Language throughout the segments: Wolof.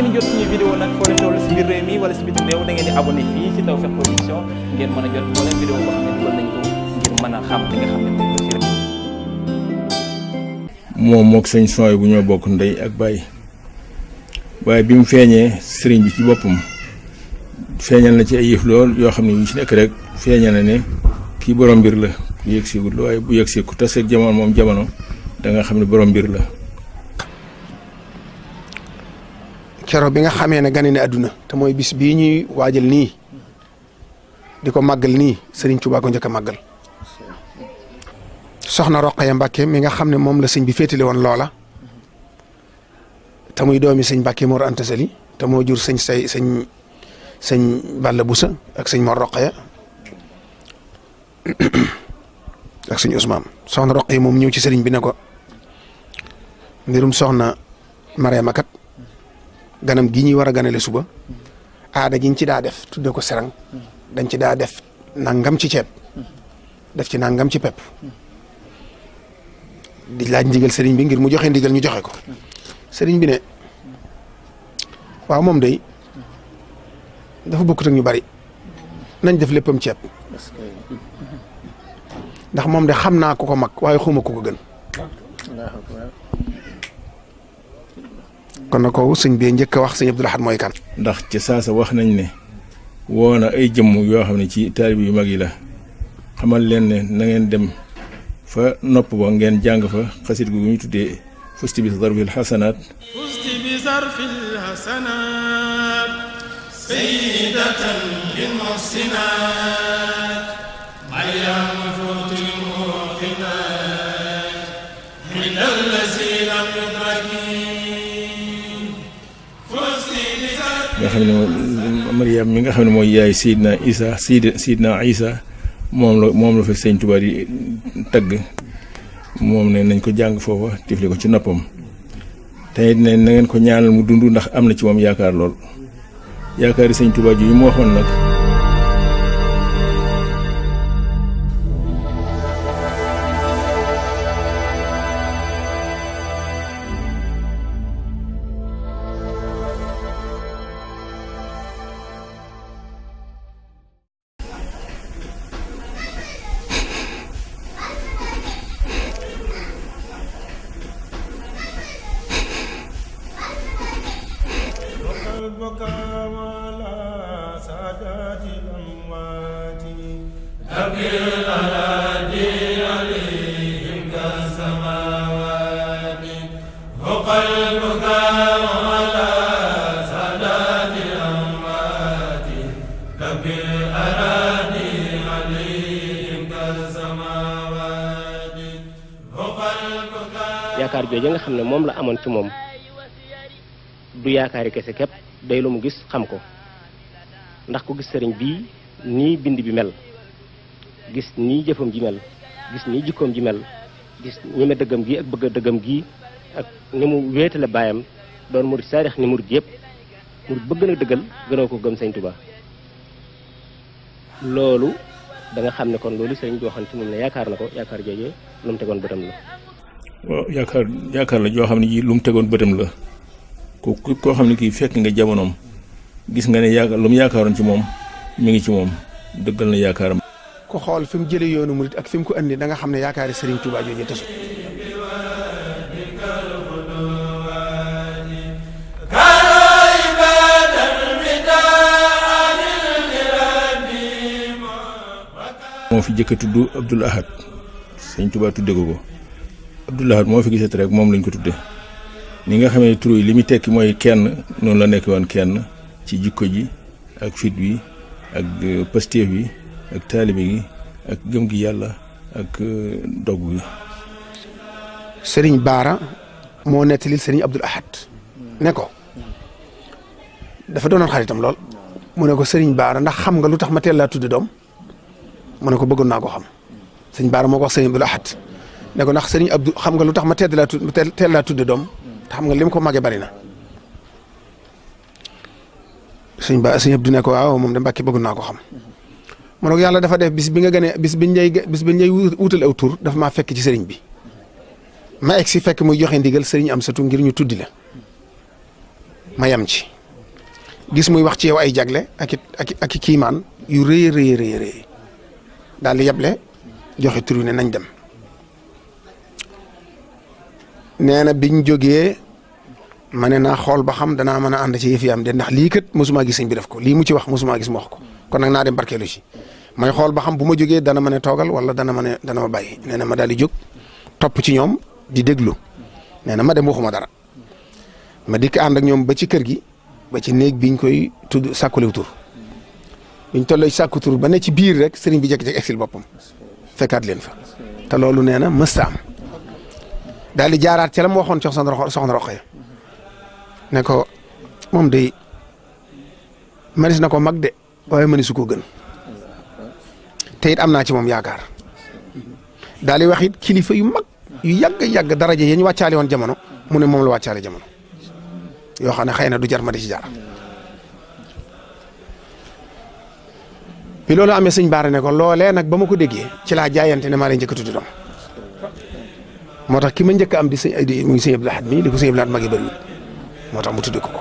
a jot moo leen vidéo boo a xam moom la rek. moom sëñ sooy bu ñoo bokk ndey ak bàyyi waaye bi mu feeñee sëriñ bi ci boppam feeñal na ci ay yëf lool yoo xam ne yu ci nekk rek feeñal na ne kii borom mbir la bu yegg la waaye bu yegg si ku taseeg jamono moom jamono da xam ne borom mbir la. kero bi nga xamee ne gane ne àdduna te mooy bis bii ñuy waajal nii di ko màggal nii sëriñ Tuubaa ko njëkk a màggal soxna Roqaya Mbàkke mi nga xam ne moom la sëñ bi féetale woon loola te muy doomi sëñ mbakke Mor Anta Sali te moo jur sëñ say sëñ sëñ Balla Busa ak sëñ Mor Roqaya ak sëñ Ousmane soxna Roqaya moom ñëw ci sëriñ bi ne ko mbirum soxna Mariama kat ganam gi ñuy war a ganale suba aada gi ñu ci daa def tudde ko serang dañ ci daa def nangam ci ceeb def ci nangam ci pepp di laaj ndigal sëriñ bi ngir mu joxe ndigal ñu joxe ko sëriñ bi ne waaw moom day dafa bokkut ñu bari nañ def léppam ceeb ndax moom de xam naa ku ko mag waaye xuma ku gën kon na ko sëñ bee njëkk a wax sëñ Abdou Lahad mooy kan. ndax ci saasa wax nañ ne woo na ay jëmm yoo xam ne ci taalibe yu mag yi la xamal leen ne nangeen dem fa nopp ba ngeen jàng fa xasit gu ñu tuddee fusti bi zarfil xasanaat fusti bi zarfil xam ne mi nga xam ne mooy yaay Seydina Isa Seydi Seydina Isa moom la moom la fa sëñ Tuubaa di tagg moom ne nañ ko jàng foofa tifli ko ci noppam te it ne na ngeen ko ñaanal mu dund ndax am na ci moom yaakaar lool yaakaari sëñ Tuubaa ji yi mu waxoon nag والبكاء على سادات الأموات أبي الأراضي عليهم كالسماوات وقلبك على سادات الأموات أبي الأراضي عليهم كالسماوات وقلبك yaakaar jooju nga xam ne moom la amoon ci moom du yaakaari kese képp day lu mu gis xam ko ndax ku gis sëriñ bii nii bind bi mel gis nii jëfam ji mel gis nii jikkoom ji mel gis ñeme dëggam gi ak bëgg dëggam gi ak ni mu wéetale baayam doon murid saarix ni murid yëpp murid bëgg na dëggal gënoo ko gëm sëñ Tuubaa loolu da xam ne kon loolu sëriñ bi waxoon ci moom ne yaakaar na ko yaakaar joojee lu bëtam la waaw yaakaar yaakaar xam ne ji lu mu tegoon bëtam la ku koo xam ne kii fekk nga jamonoom gis nga ne yaakaar lu mu yaakaaroon ci moom mu ngi ci moom dëggal na yaakaaram. ku xool fi mu jëlee yoonu murit ak fi ko andi da nga xam ne yaakaari Serigne Touba jooju tasu moo fi jëkk tudd Abdoul Ahad Serigne tudde ko ko Abdoul moo fi gisati rek moom lañ ko tudde ni nga xamee tur yi li muy tekki mooy kenn noonu la nekk woon kenn ci jikko ji ak fit wi ak euh, pastéef bi ak taalibe gi ak gëm gi yàlla ak euh, dog gi sëriñ baara moo nettali sëriñ abdul ahad ne ko dafa doonoon xaritam lool mu ne ko sëriñ baara ndax xam nga lu tax ma teel laa tudde doom mu ne ko bëggoon naa ko xam sëriñ baara moo ko wax sëriñ abdul ahad ne ko ndax sëriñ abdul xam nga lu tax ma teel laa tudde doom te xam nga lim ko màggee bari na. sëñ ba sëñ Abdou ne ko waaw moom de Mbàkke bëgg naa ko xam. mu ne yàlla dafa def bis bi nga ganee bis bi ñay bis bi ñay wutal aw tur dafa maa fekk ci sëriñ bi. ma egg si fekk muy joxe ndigal sëriñ am satu ngir ñu tuddi la. ma yam ci. gis muy wax ci yow ay jagle ak ak ak kiimaan yu rëy a rëy rëy daal di joxe tur ne nañ dem. nee na biñ jógee ma ne naa xool ba xam danaa mën a ànd ci yëf yi am de ndax lii kat mosuma gis bi def ko lii mu ci wax mosuma gis mu wax ko kon nag naa dem barkeelu ci may xool ba xam bu ma jógee dana mën a toogal wala dana mën a dana ma bàyyi nee na ma daal di jóg topp ci ñoom di déglu nee na ma dem xuma dara ma dikk ànd ñoom ba ci kër gi ba ci néeg biñ koy tudd sàkkulew tur biñ tolloo ci sàkku ba nekk ci biir rek sëriñ bi jékki-jékki exil boppam fekkaat leen fa te loolu nee na mësta am daal di jaaraat ci la mu waxoon ci soxna Roqaya ne ko moom day mënees na ko mag de waaye mëneesu koo gën te am naa ci moom yaakaar daal di wax it kilifa yu mag yu yàgg yàgg daraja yi ñu wàccaale woon jamono mu ne moom la wàccaale jamono yoo xam ne xëy na du jar ma di ci jaar. bi loolu amee sëñ Baara ne ko loolee nag ba ma ko déggee ci laa jaayante ne maa leen njëkk a doom moo tax ki ma njëkk am di sëñ di muy sëñ Abdou Lahad mii di ko sëñ Abdou Lahad magi bëriwul moo tax mu tudde ko ko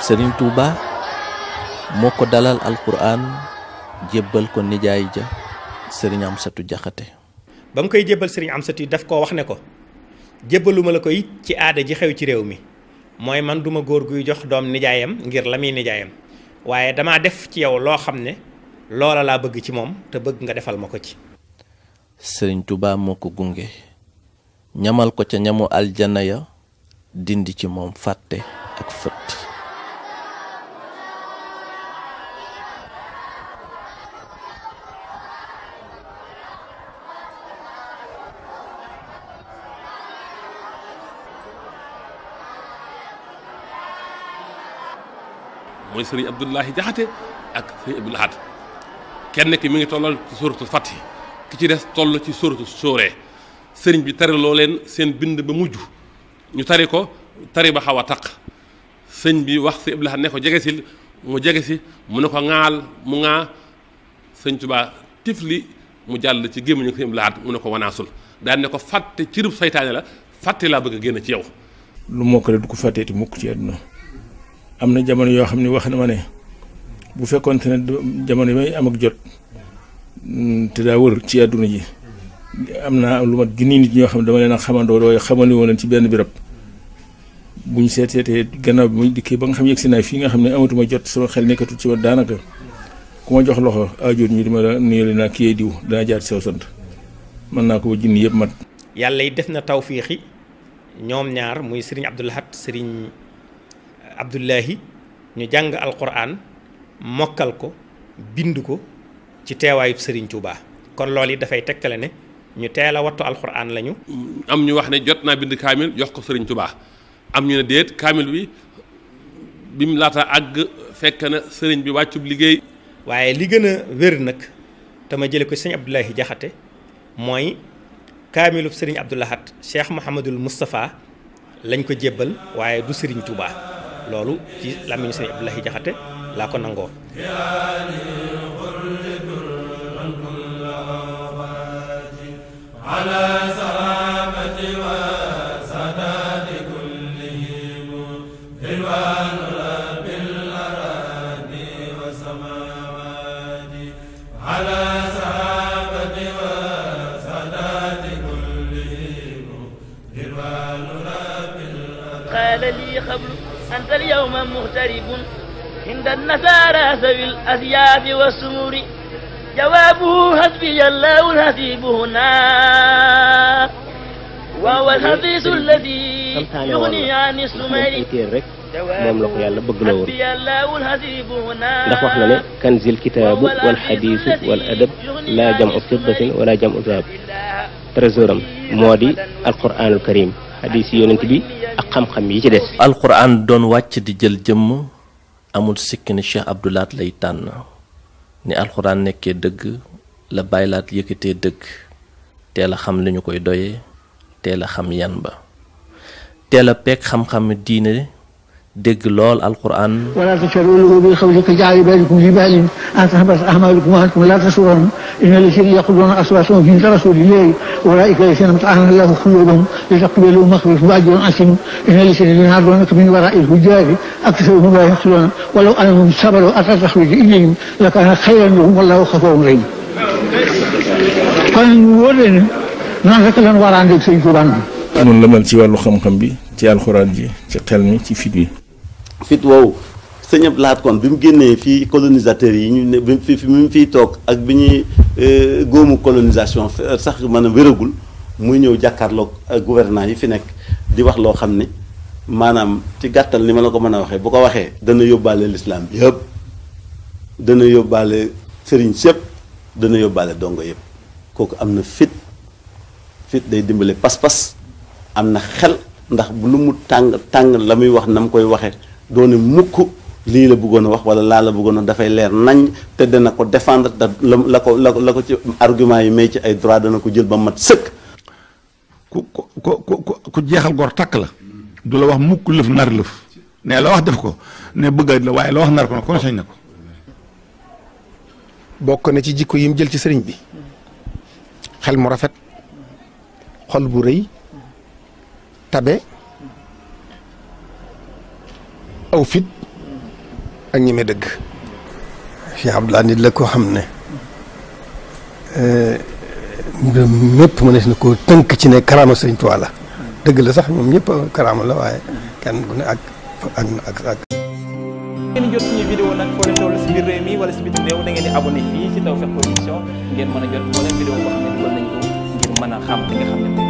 Serigne Touba moo ko dalal alquran jébbal ko nijaay ja sëriñ Amsatu Jaxate ba mu koy jébbal sëriñ Amsatu daf koo wax ne ko jébbaluma la koy ci aada ji xew ci réew mi mooy man duma góor guy jox doom nijaayam ngir la muy nijaayam waaye damaa def ci yow loo xam ne loola laa bëgg ci moom te bëgg nga defal ma ko ci sëriñ Tuubaa moo ko gunge ñamal ko ca ñamu aljana ya dindi ci moom fàtte ak mooy sëriñ Abdoulahi Jaxate ak sëriñ Abdou Lahad kenn ki mi ngi tollal ci sóoratu Fath ki ci des toll ci sóoratu Sooree sëriñ bi tari loo leen seen bind ba mujj ñu tari ko tari ba xaw a taq sëñ bi wax si Abdou Lahad ne ko jege sil mu jege si mu ne ko ŋaal mu ŋaa sëñ Tuubaa tifli mu jàll ci gémmiñu sëriñ Abdou Lahad mu ne ko wanaasul daal ne ko fàtte cirub saytaane la fàtte laa bëgg a génn ci yow. lu moo ko du ko fàtteeti mukk ci àdduna am na jamono yoo xam ne wax na ma ne bu fekkoonte ne jamono yi may am ak jot mm, te daa wër ci àdduna ji am naa lu mat junni nit ñoo xam ne dama leen a xamandoo waaye xamal woon ci benn birab bu ñu seet seetee gannaaw bi muy dikkee ba nga xam yegg si naa fii nga xam ne amatuma jot sama xel nekkatul ci ma daanaka ku ma jox loxo ajoot ah, ñu dima la nuyoo naa kii diw dana jaar ci saw sant mën naa ko ba junni yëpp mat. yàlla yi def na tawfiixi ñoom ñaar muy Serigne Abdoul Ahad Abdullahi ñu jàng alquran mokkal ko bind ko ci teewaayub Serigne Touba kon loolu it dafay tegtale ne ñu teel a wattu alquran lañu. am ñu wax ne jot naa bind kaamil jox ko Serigne Touba am ñu ne déet kaamil bi bim laata àgg fekk na sëriñ bi wàccub liggéey. waaye li gën a wér nag te ma jëlee ko sëñ Abdullahi Jaxate mooy kaamilub Serigne Abdoulahat Cheikh Mouhamadul Moustapha lañ ko jébbal waaye du Serigne tubaa loolu ci làmmiñu sëriñ Abdoulaye Jaxate laa ko nangoo قال لي قبل أنت اليوم مغترب عند النسارى سوي الأسياف والسمور جوابه حسبي الله الحسيب هنا وهو الحفيظ الذي يغني عن السمر moom la ko yàlla bëgg la woon ndax wax na ne kanzil kitaabu wal xadiisu wal adab laa jam u fiddatin wala jam u zahab trésor am moo di alquranul karim xadiis yi yonent bi ak xam-xam yi ci des alquran doon wàcc di jël jëmm amul sikk ni Cheikh lay tànn ni alxuraan nekkee dëgg la Baay Laat yëkkatee dëgg teel a xam li ñu koy doye teel a xam yan ba teel a peeg xam-xam diine dégg lool alquran. wala tajharulahu bil qawli kajahri ba'dikum li ba'din an tahbata a'malukum wa antum la tash'urun innal lazina yaquluna asma'na inda rasulillahi ulaika allazina imtahana Allahu qulubahum litaqbalu maghfiratan wa ajrun 'azim innal lazina yunadunaka min wara'i al-hujurati aktharuhum la yaqiluna walaw annahum sabaru hatta takhruja ilayhim lakana khayran lahum wallahu ghafurun rahim. kon wóor leen noonu rek lan war a ànd ak Sëñ Tuubaa noonu la mel ci wàllu xam-xam bi ci alxuraan ji ci xel mi ci fit bi. fit woowu sëñ Abdou Lahad kon bi mu génnee fii colonisateurs yi ñu ne bi fi mu fiy toog ak bi ñuy euh, góomu colonisation euh, sax mën a wéragul muy ñëw jàkkaarloog euh, gouvernant yi fi nekk di wax loo xam ne maanaam ci gàttal ni ma la ko mën a waxee bu ko waxee dana yóbbaale lislaam yëpp dana yóbbaale sëriñ sëpp dana yóbbaale dongo yëpp kooku am na fit fit day dimbale pas-pas am na xel ndax lu mu tàng tàng la muy wax na mu koy waxee doone mukk lii la bëggoon a wax wala laa la bëggoon a dafay leer nañ te dana ko defend da la ko la ko la ci argument yi may ci ay droit dana ko jël ba mat sëkk. ku ku ku ku jeexal gor takk la. du la wax mukk lëf nar lëf. ne la wax def ko ne bëgg la waaye la wax nar ko nag kon sañ na ko. bokk na ci jikko yi jël ci sëriñ bi. xel mu rafet. xol bu rëy. tabe. aw fit ak ñeme dëgg Cheikh Abdoulaye nit la ko xam ne eh, mbiram mépp mënees na koo tënk ci ne karaama Sëriñ Tuubaa la dëgg la sax ñoom ñëpp karaama la waaye kenn ku ne ak ak ak ak ngeen jot suñu vidéo nag si biir réew mi jot moo leen vidéo boo ne dugal nañ ko ngir mën xam li nga xam ne